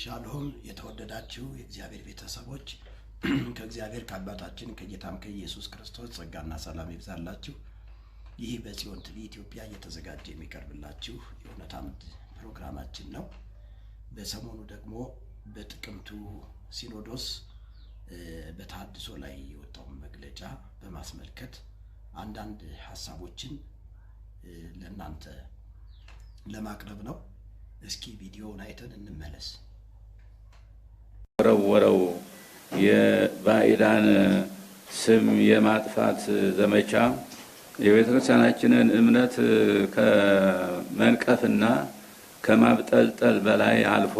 ሻሎም የተወደዳችሁ የእግዚአብሔር ቤተሰቦች ከእግዚአብሔር ከአባታችን ከጌታም ከኢየሱስ ክርስቶስ ጸጋና ሰላም ይብዛላችሁ። ይህ በጽዮን ቲቪ ኢትዮጵያ እየተዘጋጀ የሚቀርብላችሁ የእውነት አምድ ፕሮግራማችን ነው። በሰሞኑ ደግሞ በጥቅምቱ ሲኖዶስ በተሃድሶ ላይ የወጣውን መግለጫ በማስመልከት አንዳንድ ሀሳቦችን ለእናንተ ለማቅረብ ነው። እስኪ ቪዲዮውን አይተን እንመለስ። የተወረወረው የባዕዳን ስም የማጥፋት ዘመቻ የቤተ ክርስቲያናችንን እምነት ከመንቀፍና ከማብጠልጠል በላይ አልፎ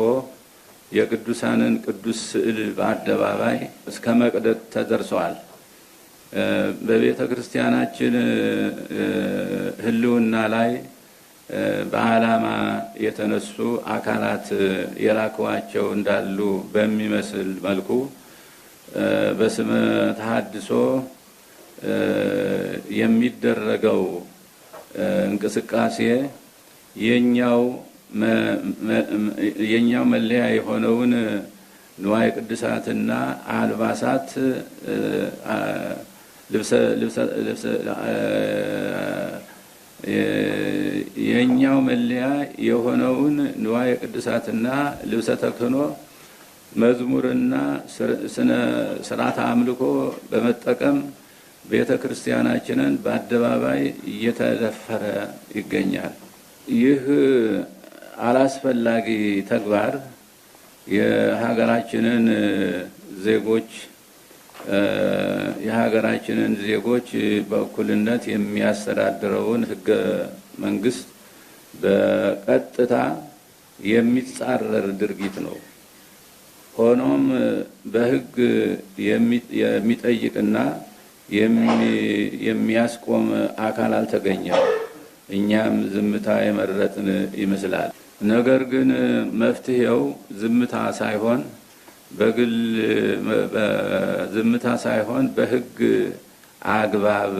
የቅዱሳንን ቅዱስ ስዕል በአደባባይ እስከ መቅደድ ተደርሰዋል። በቤተ ክርስቲያናችን ሕልውና ላይ በዓላማ የተነሱ አካላት የላከዋቸው እንዳሉ በሚመስል መልኩ በስመ ተሐድሶ የሚደረገው እንቅስቃሴ የኛው መለያ የሆነውን ንዋይ ቅድሳትና አልባሳት ልብሰ የእኛው መለያ የሆነውን ንዋየ ቅዱሳትና ልብሰ ተክህኖ መዝሙርና ስነ ስርዓት አምልኮ በመጠቀም ቤተ ክርስቲያናችንን በአደባባይ እየተደፈረ ይገኛል። ይህ አላስፈላጊ ተግባር የሀገራችንን ዜጎች የሀገራችንን ዜጎች በእኩልነት የሚያስተዳድረውን ህገ መንግስት በቀጥታ የሚጻረር ድርጊት ነው። ሆኖም በሕግ የሚጠይቅና የሚያስቆም አካል አልተገኘም። እኛም ዝምታ የመረጥን ይመስላል። ነገር ግን መፍትሄው ዝምታ ሳይሆን በግል ዝምታ ሳይሆን በሕግ አግባብ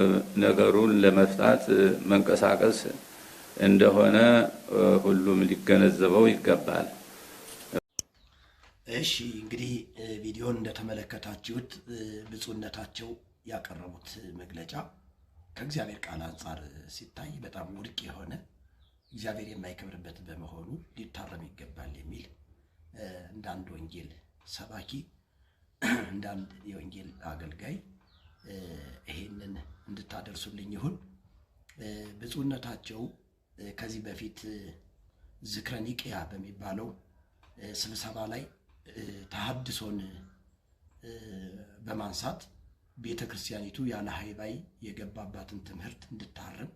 ነገሩን ለመፍታት መንቀሳቀስ እንደሆነ ሁሉም ሊገነዘበው ይገባል። እሺ እንግዲህ ቪዲዮን እንደተመለከታችሁት ብፁዕነታቸው ያቀረቡት መግለጫ ከእግዚአብሔር ቃል አንጻር ሲታይ በጣም ውድቅ የሆነ እግዚአብሔር የማይከብርበት በመሆኑ ሊታረም ይገባል የሚል እንደ አንድ ወንጌል ሰባኪ እንደ አንድ የወንጌል አገልጋይ ይሄንን እንድታደርሱልኝ ይሁን ብፁዕነታቸው ከዚህ በፊት ዝክረ ኒቅያ በሚባለው ስብሰባ ላይ ተሐድሶን በማንሳት ቤተ ክርስቲያኒቱ ያለ ሀይባይ የገባባትን ትምህርት እንድታርም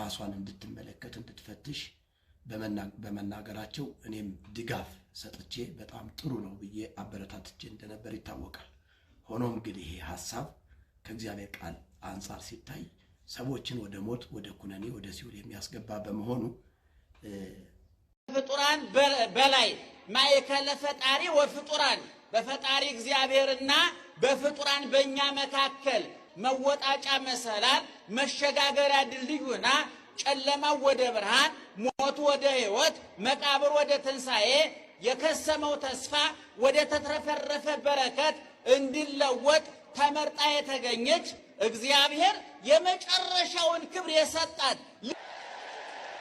ራሷን እንድትመለከት እንድትፈትሽ በመናገራቸው እኔም ድጋፍ ሰጥቼ በጣም ጥሩ ነው ብዬ አበረታትቼ እንደነበር ይታወቃል። ሆኖም ግን ይሄ ሀሳብ ከእግዚአብሔር ቃል አንጻር ሲታይ ሰዎችን ወደ ሞት፣ ወደ ኩነኔ፣ ወደ ሲኦል የሚያስገባ በመሆኑ ፍጡራን በላይ ማእከለ ፈጣሪ ወፍጡራን በፈጣሪ እግዚአብሔርና በፍጡራን በእኛ መካከል መወጣጫ መሰላል መሸጋገሪያ ድልድዩና ጨለማው ወደ ብርሃን፣ ሞቱ ወደ ሕይወት፣ መቃብር ወደ ትንሣኤ የከሰመው ተስፋ ወደ ተትረፈረፈ በረከት እንዲለወጥ ተመርጣ የተገኘች እግዚአብሔር የመጨረሻውን ክብር የሰጣት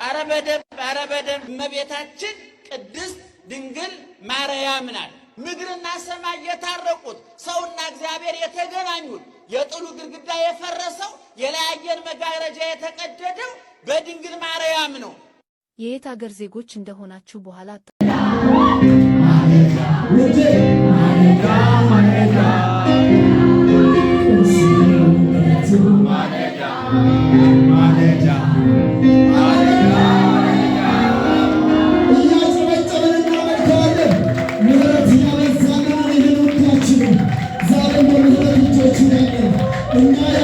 አረ በደንብ አረ በደንብ እመቤታችን ቅድስት ድንግል ማርያም ናት። ምድርና ሰማይ የታረቁት ሰውና እግዚአብሔር የተገናኙት የጥሉ ግድግዳ የፈረሰው የለያየን መጋረጃ የተቀደደው በድንግል ማርያም ነው። የየት አገር ዜጎች እንደሆናችሁ በኋላ சிறந்த